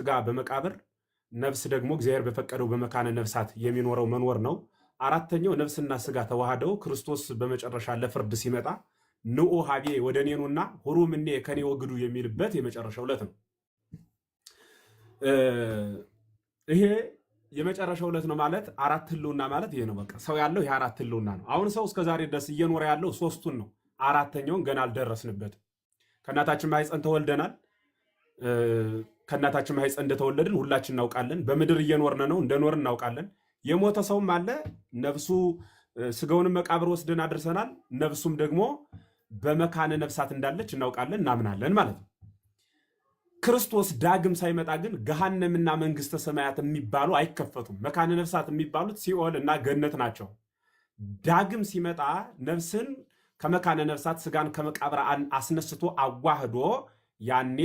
ስጋ በመቃብር ነፍስ ደግሞ እግዚአብሔር በፈቀደው በመካነ ነፍሳት የሚኖረው መኖር ነው። አራተኛው ነፍስና ስጋ ተዋህደው ክርስቶስ በመጨረሻ ለፍርድ ሲመጣ ንዑ ሀቤ ወደ እኔኑና ሁሩምኔ ከኔ ወግዱ የሚልበት የመጨረሻው ዕለት ነው። ይሄ የመጨረሻው ዕለት ነው ማለት አራት ህልውና ማለት ይሄ ነው። በቃ ሰው ያለው ይሄ አራት ህልውና ነው። አሁን ሰው እስከዛሬ ድረስ እየኖረ ያለው ሶስቱን ነው። አራተኛውን ገና አልደረስንበትም ከእናታችን ማህፀን ተወልደናል። ከእናታችን ማህፀን እንደተወለድን ሁላችን እናውቃለን። በምድር እየኖርን ነው፣ እንደኖር እናውቃለን። የሞተ ሰውም አለ። ነፍሱ ስጋውንም መቃብር ወስደን አድርሰናል። ነፍሱም ደግሞ በመካነ ነፍሳት እንዳለች እናውቃለን፣ እናምናለን ማለት ነው። ክርስቶስ ዳግም ሳይመጣ ግን ገሃነምና መንግስተ ሰማያት የሚባሉ አይከፈቱም። መካነ ነፍሳት የሚባሉት ሲኦል እና ገነት ናቸው። ዳግም ሲመጣ ነፍስን ከመካነ ነፍሳት ስጋን ከመቃብር አስነስቶ አዋህዶ ያኔ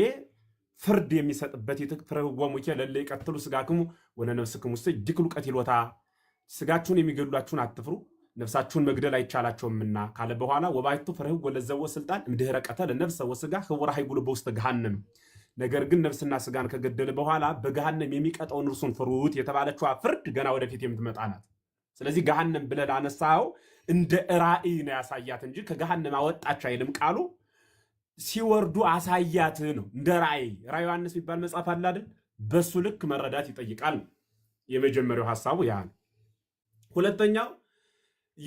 ፍርድ የሚሰጥበት የተተረጎሙኬ ለለ ይቀትሉ ስጋክሙ ወለነፍስክሙ ውስጥ ይክሉ ቀቲሎታ ስጋችሁን የሚገድሏችሁን አትፍሩ ነፍሳችሁን መግደል አይቻላቸውምና ካለ በኋላ ወባይቱ ፍርህ ወለዘቦ ስልጣን እምድህረ ቀተል ነፍሰ ወስጋ ህውራ ሀይጉል በውስጥ ገሃንም ነገር ግን ነፍስና ስጋን ከገደለ በኋላ በገሃነም የሚቀጠውን እርሱን ፍሩት የተባለችዋ ፍርድ ገና ወደፊት የምትመጣ ናት። ስለዚህ ገሃነም ብለህ ላነሳኸው እንደ ራእይ ነው ያሳያት እንጂ ከገሃነም አወጣች አይልም ቃሉ። ሲወርዱ አሳያት ነው። እንደ ራእይ ራእይ ዮሐንስ የሚባል መጽሐፍ አለ አይደል? በሱ ልክ መረዳት ይጠይቃል። የመጀመሪያው ሐሳቡ ያ ነው። ሁለተኛው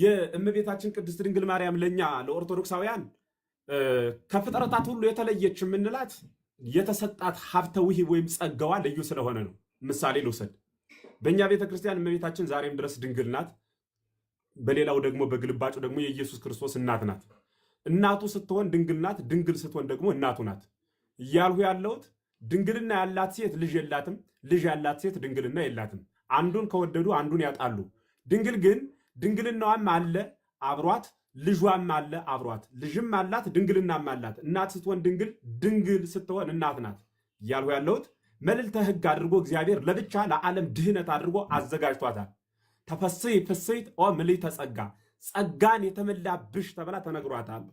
የእመቤታችን ቅድስት ድንግል ማርያም ለኛ ለኦርቶዶክሳውያን ከፍጥረታት ሁሉ የተለየች የምንላት የተሰጣት ሀብተ ውሂብ ወይም ጸጋዋ ልዩ ስለሆነ ነው። ምሳሌ ልውሰድ። በእኛ ቤተክርስቲያን እመቤታችን ዛሬም ድረስ ድንግል ናት። በሌላው ደግሞ በግልባጩ ደግሞ የኢየሱስ ክርስቶስ እናት ናት። እናቱ ስትሆን ድንግል ናት፣ ድንግል ስትሆን ደግሞ እናቱ ናት እያልሁ ያለሁት ድንግልና ያላት ሴት ልጅ የላትም፣ ልጅ ያላት ሴት ድንግልና የላትም። አንዱን ከወደዱ አንዱን ያጣሉ። ድንግል ግን ድንግልናዋም አለ አብሯት፣ ልጇም አለ አብሯት፣ ልጅም አላት፣ ድንግልናም አላት። እናት ስትሆን ድንግል፣ ድንግል ስትሆን እናት ናት እያልሁ ያለሁት መልዕልተ ሕግ አድርጎ እግዚአብሔር ለብቻ ለዓለም ድህነት አድርጎ አዘጋጅቷታል። ተፈስሒ ፍስሕት ኦ ምልዕተ ጸጋ ጸጋን የተመላብሽ ተብላ ተነግሯታል።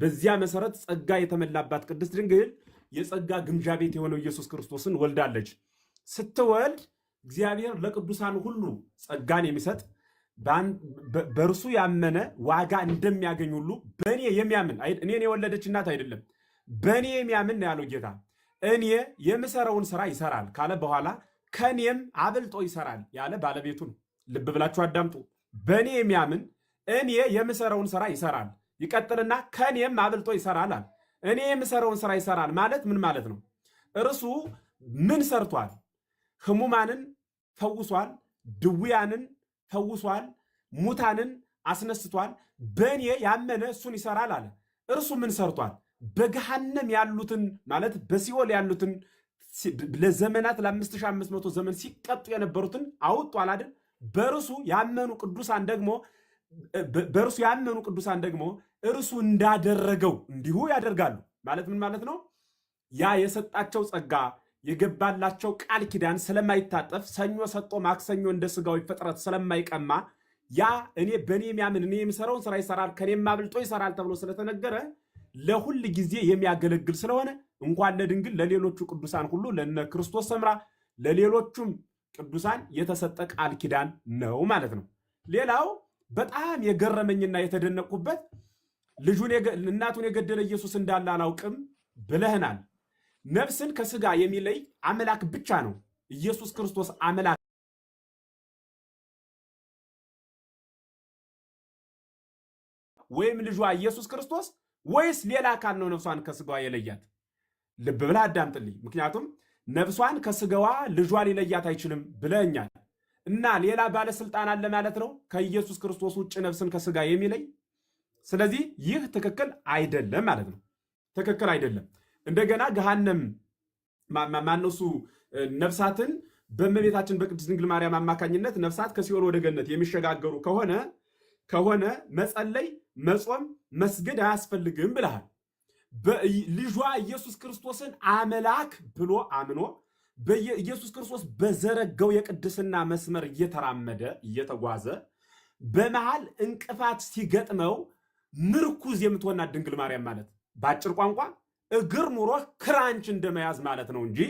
በዚያ መሰረት ጸጋ የተመላባት ቅድስት ድንግል የጸጋ ግምጃ ቤት የሆነው ኢየሱስ ክርስቶስን ወልዳለች። ስትወልድ እግዚአብሔር ለቅዱሳን ሁሉ ጸጋን የሚሰጥ በእርሱ ያመነ ዋጋ እንደሚያገኝ ሁሉ በእኔ የሚያምን እኔን የወለደች እናት አይደለም፣ በእኔ የሚያምን ነው ያለው ጌታ። እኔ የምሰራውን ስራ ይሰራል ካለ በኋላ ከእኔም አብልጦ ይሰራል ያለ ባለቤቱ ነው። ልብ ብላችሁ አዳምጡ። በእኔ የሚያምን እኔ የምሰረውን ስራ ይሰራል። ይቀጥልና ከኔም አብልጦ ይሰራላል። እኔ የምሰረውን ስራ ይሰራል ማለት ምን ማለት ነው? እርሱ ምን ሰርቷል? ህሙማንን ፈውሷል፣ ድውያንን ፈውሷል፣ ሙታንን አስነስቷል። በእኔ ያመነ እሱን ይሰራል አለ። እርሱ ምን ሰርቷል? በገሃነም ያሉትን ማለት በሲኦል ያሉትን ለዘመናት ለ5500 ዘመን ሲቀጡ የነበሩትን አውጧል አይደል? በእርሱ ያመኑ ቅዱሳን ደግሞ በእርሱ ያመኑ ቅዱሳን ደግሞ እርሱ እንዳደረገው እንዲሁ ያደርጋሉ። ማለት ምን ማለት ነው? ያ የሰጣቸው ጸጋ የገባላቸው ቃል ኪዳን ስለማይታጠፍ ሰኞ ሰጦ ማክሰኞ እንደ ስጋዊ ፍጥረት ስለማይቀማ ያ እኔ በእኔ የሚያምን እኔ የምሰራውን ስራ ይሰራል ከኔ አብልጦ ይሰራል ተብሎ ስለተነገረ ለሁል ጊዜ የሚያገለግል ስለሆነ እንኳን ለድንግል ለሌሎቹ ቅዱሳን ሁሉ ለነ ክርስቶስ ሰምራ ለሌሎቹም ቅዱሳን የተሰጠ ቃል ኪዳን ነው ማለት ነው። ሌላው በጣም የገረመኝና የተደነቅኩበት ልጁን እናቱን የገደለ ኢየሱስ እንዳለ አላውቅም ብለህናል። ነፍስን ከስጋ የሚለይ አምላክ ብቻ ነው። ኢየሱስ ክርስቶስ አምላክ ወይም ልጇ ኢየሱስ ክርስቶስ ወይስ ሌላ አካል ነው ነፍሷን ከስጋዋ የለያት? ልብ ብላ አዳምጥልኝ። ምክንያቱም ነፍሷን ከስጋዋ ልጇ ሊለያት አይችልም ብለኛል። እና ሌላ ባለስልጣን አለ ማለት ነው ከኢየሱስ ክርስቶስ ውጭ ነፍስን ከስጋ የሚለይ። ስለዚህ ይህ ትክክል አይደለም ማለት ነው። ትክክል አይደለም። እንደገና ገሃነም ማነሱ ነፍሳትን በእመቤታችን በቅድስት ድንግል ማርያም አማካኝነት ነፍሳት ከሲኦል ወደ ገነት የሚሸጋገሩ ከሆነ ከሆነ መጸለይ፣ መጾም፣ መስገድ አያስፈልግም ብለሃል። ልጇ ኢየሱስ ክርስቶስን አምላክ ብሎ አምኖ በኢየሱስ ክርስቶስ በዘረጋው የቅድስና መስመር እየተራመደ እየተጓዘ በመሃል እንቅፋት ሲገጥመው ምርኩዝ የምትሆናት ድንግል ማርያም ማለት በአጭር ቋንቋ እግር ኑሮህ ክራንች እንደመያዝ ማለት ነው እንጂ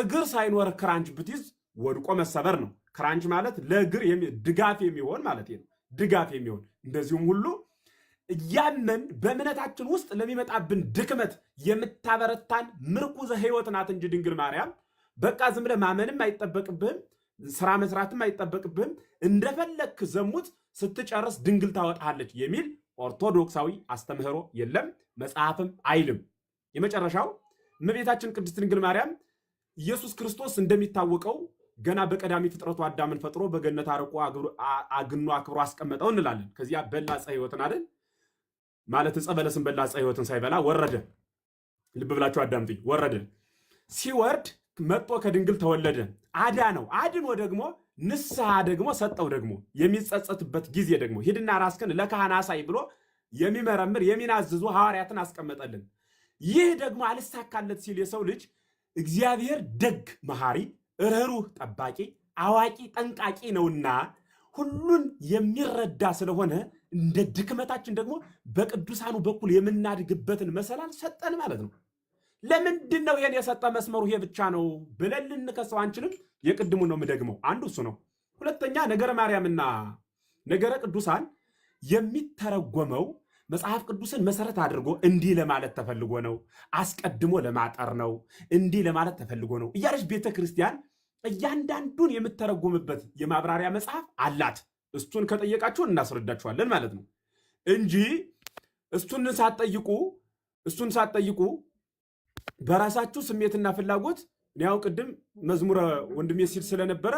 እግር ሳይኖር ክራንች ብትይዝ ወድቆ መሰበር ነው። ክራንች ማለት ለእግር ድጋፍ የሚሆን ማለት ነው፣ ድጋፍ የሚሆን እንደዚሁም ሁሉ እያመን በእምነታችን ውስጥ ለሚመጣብን ድክመት የምታበረታን ምርኩዘ ሕይወት ናት እንጂ ድንግል ማርያም በቃ ዝም ብለህ ማመንም አይጠበቅብህም፣ ስራ መስራትም አይጠበቅብህም። እንደፈለክ ዘሙት ስትጨርስ ድንግል ታወጣለች የሚል ኦርቶዶክሳዊ አስተምህሮ የለም፣ መጽሐፍም አይልም። የመጨረሻው እመቤታችን ቅድስት ድንግል ማርያም ኢየሱስ ክርስቶስ እንደሚታወቀው ገና በቀዳሚ ፍጥረቱ አዳምን ፈጥሮ በገነት አርቆ አግኖ አክብሮ አስቀመጠው እንላለን። ከዚያ በላ ህይወትን አይደል ማለት ዕፀ በለስን በላ ህይወትን ሳይበላ ወረደ። ልብ ብላችሁ አዳምጡኝ። ወረደ ሲወርድ መጦ ከድንግል ተወለደ አዳ ነው አድኖ ደግሞ ንስሐ ደግሞ ሰጠው ደግሞ የሚጸጸትበት ጊዜ ደግሞ ሂድና ራስክን ለካህን አሳይ ብሎ የሚመረምር የሚናዝዙ ሐዋርያትን አስቀመጠልን። ይህ ደግሞ አልሳካለት ሲል የሰው ልጅ እግዚአብሔር ደግ መሐሪ፣ ርኅሩህ ጠባቂ፣ አዋቂ ጠንቃቂ ነውና ሁሉን የሚረዳ ስለሆነ እንደ ድክመታችን ደግሞ በቅዱሳኑ በኩል የምናድግበትን መሰላል ሰጠን ማለት ነው። ለምንድን ነው ይሄን የሰጠ መስመሩ ይሄ ብቻ ነው ብለን ልንከሰው አንችልም። የቅድሙ ነው የምደግመው። አንዱ እሱ ነው። ሁለተኛ ነገረ ማርያምና ነገረ ቅዱሳን የሚተረጎመው መጽሐፍ ቅዱስን መሰረት አድርጎ እንዲህ ለማለት ተፈልጎ ነው፣ አስቀድሞ ለማጠር ነው፣ እንዲህ ለማለት ተፈልጎ ነው እያለች ቤተ ክርስቲያን እያንዳንዱን የምተረጎምበት የማብራሪያ መጽሐፍ አላት። እሱን ከጠየቃችሁ እናስረዳችኋለን ማለት ነው እንጂ እሱን ሳትጠይቁ እሱን ሳትጠይቁ በራሳችሁ ስሜትና ፍላጎት ያው ቅድም መዝሙረ ወንድሜ ሲል ስለነበረ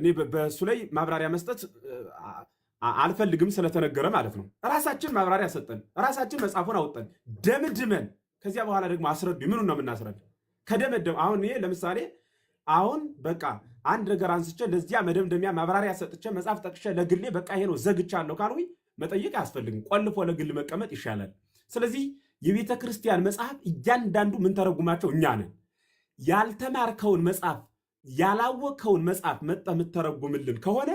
እኔ በእሱ ላይ ማብራሪያ መስጠት አልፈልግም ስለተነገረ ማለት ነው። ራሳችን ማብራሪያ ሰጠን፣ ራሳችን መጽሐፉን አውጠን ደምድመን ከዚያ በኋላ ደግሞ አስረዱ። ምኑን ነው የምናስረዱ? ከደመደም አሁን እኔ ለምሳሌ አሁን በቃ አንድ ነገር አንስቼ ለዚያ መደምደሚያ ማብራሪያ ሰጥቼ መጽሐፍ ጠቅሼ ለግሌ በቃ ይሄ ነው ዘግቻለሁ ካልኩኝ መጠየቅ አያስፈልግም። ቆልፎ ለግል መቀመጥ ይሻላል። ስለዚህ የቤተ ክርስቲያን መጽሐፍ እያንዳንዱ የምንተረጉማቸው እኛ ነን። ያልተማርከውን መጽሐፍ ያላወቅከውን መጽሐፍ መጠ የምትተረጉምልን ከሆነ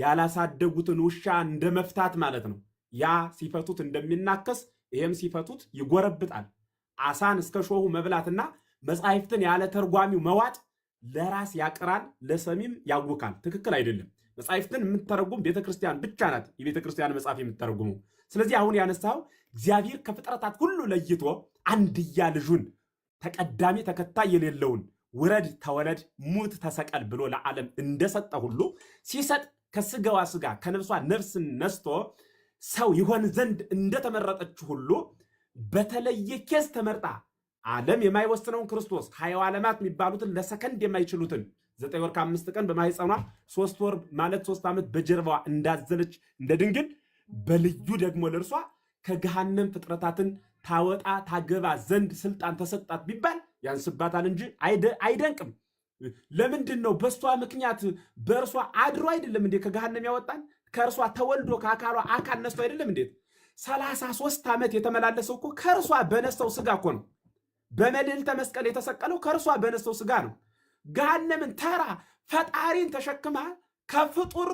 ያላሳደጉትን ውሻ እንደ መፍታት ማለት ነው። ያ ሲፈቱት እንደሚናከስ ይህም ሲፈቱት ይጎረብጣል። አሳን እስከ ሾሁ መብላትና መጽሐፍትን ያለ ተርጓሚው መዋጥ ለራስ ያቅራል፣ ለሰሚም ያውካል። ትክክል አይደለም። መጽሐፍትን የምትተረጉም ቤተክርስቲያን ብቻ ናት። የቤተክርስቲያን መጽሐፍ የምትተረጉመው ስለዚህ አሁን ያነሳው እግዚአብሔር ከፍጥረታት ሁሉ ለይቶ አንድያ ልጁን ተቀዳሚ ተከታይ የሌለውን ውረድ ተወለድ ሙት ተሰቀል ብሎ ለዓለም እንደሰጠ ሁሉ ሲሰጥ ከስጋዋ ስጋ ከነፍሷ ነፍስን ነስቶ ሰው ይሆን ዘንድ እንደተመረጠች ሁሉ በተለየ ኬስ ተመርጣ ዓለም የማይወስነውን ክርስቶስ ሀያው ዓለማት የሚባሉትን ለሰከንድ የማይችሉትን ዘጠኝ ወር ከአምስት ቀን በማህፀኗ ሶስት ወር ማለት ሶስት ዓመት በጀርባዋ እንዳዘለች እንደ ድንግል በልዩ ደግሞ ለእርሷ ከገሃነም ፍጥረታትን ታወጣ ታገባ ዘንድ ስልጣን ተሰጣት ቢባል ያንስባታል እንጂ አይደንቅም። ለምንድን ነው በእሷ ምክንያት በእርሷ አድሮ አይደለም እንዴ ከገሃነም ያወጣን? ከእርሷ ተወልዶ ከአካሏ አካል ነስቶ አይደለም እንዴት? ሰላሳ ሶስት ዓመት የተመላለሰው እኮ ከእርሷ በነሰው ስጋ እኮ ነው። በመድኃኒተ መስቀል የተሰቀለው ከእርሷ በነሰው ስጋ ነው። ገሃነምን ተራ ፈጣሪን ተሸክማ ከፍጡር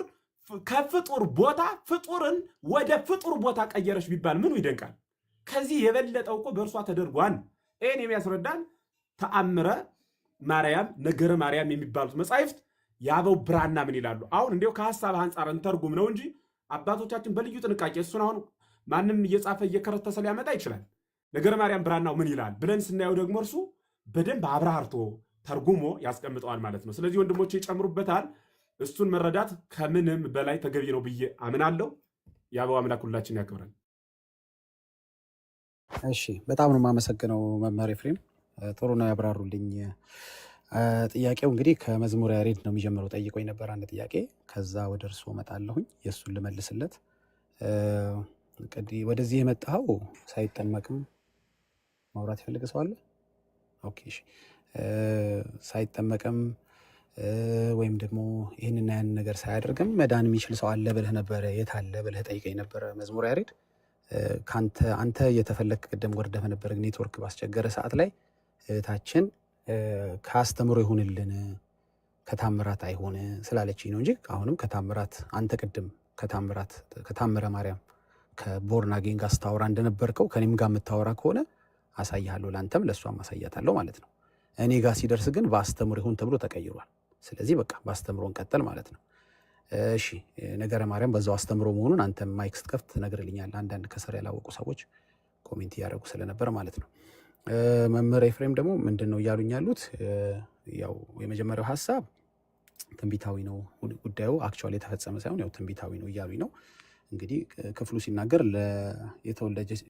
ከፍጡር ቦታ ፍጡርን ወደ ፍጡር ቦታ ቀየረች ቢባል ምኑ ይደንቃል? ከዚህ የበለጠው እኮ በእርሷ ተደርጓል። ይህን የሚያስረዳን ተአምረ ማርያም፣ ነገረ ማርያም የሚባሉት መጻሕፍት የአበው ብራና ምን ይላሉ? አሁን እንዲው ከሀሳብ አንጻር እንተርጉም ነው እንጂ አባቶቻችን በልዩ ጥንቃቄ እሱን አሁን ማንም እየጻፈ እየከረተሰ ሊያመጣ ይችላል። ነገረ ማርያም ብራናው ምን ይላል ብለን ስናየው ደግሞ እርሱ በደንብ አብራርቶ ተርጉሞ ያስቀምጠዋል ማለት ነው። ስለዚህ ወንድሞቼ ይጨምሩበታል። እሱን መረዳት ከምንም በላይ ተገቢ ነው ብዬ አምናለሁ። የአበው አምላክ ሁላችን ያክብረን። እሺ፣ በጣም ነው የማመሰግነው መምህር ኤፍሬም፣ ጥሩ ነው ያብራሩልኝ። ጥያቄው እንግዲህ ከመዝሙር ያሬድ ነው የሚጀምረው። ጠይቆኝ ነበር አንድ ጥያቄ፣ ከዛ ወደ እርስዎ እመጣለሁኝ የእሱን ልመልስለት። ወደዚህ የመጣኸው ሳይጠመቅም ማውራት ይፈልግ ሰው አለ? ኦኬ፣ ሳይጠመቅም ወይም ደግሞ ይህንና ያን ነገር ሳያደርግም መዳን የሚችል ሰው አለ ብልህ ነበረ፣ የት አለ ብልህ ጠይቀኝ ነበረ መዝሙር ያሬድ። ከአንተ አንተ እየተፈለክ ቅደም ወርደህ ነበር ኔትወርክ ባስቸገረ ሰዓት ላይ እህታችን ከአስተምሮ ይሁንልን ከታምራት አይሆን ስላለችኝ ነው እንጂ አሁንም ከታምራት አንተ ቅድም ከታምራት ከታምረ ማርያም ከቦርና አጌን ጋር ስታወራ እንደነበርከው ከኔም ጋር የምታወራ ከሆነ አሳይሃለሁ፣ ለአንተም ለእሷም አሳያታለሁ ማለት ነው። እኔ ጋር ሲደርስ ግን በአስተምሮ ይሁን ተብሎ ተቀይሯል። ስለዚህ በቃ በአስተምሮ እንቀጠል ማለት ነው። እሺ ነገረ ማርያም በዛው አስተምሮ መሆኑን አንተ ማይክ ስትከፍት ነግርልኛል። አንዳንድ ከስር ያላወቁ ሰዎች ኮሜንት እያደረጉ ስለነበር ማለት ነው። መምህር ኤፍሬም ደግሞ ምንድን ነው እያሉኝ ያሉት? ያው የመጀመሪያው ሀሳብ ትንቢታዊ ነው ጉዳዩ አክቹዋሊ የተፈጸመ ሳይሆን ያው ትንቢታዊ ነው እያሉኝ ነው። እንግዲህ ክፍሉ ሲናገር የተወለጀ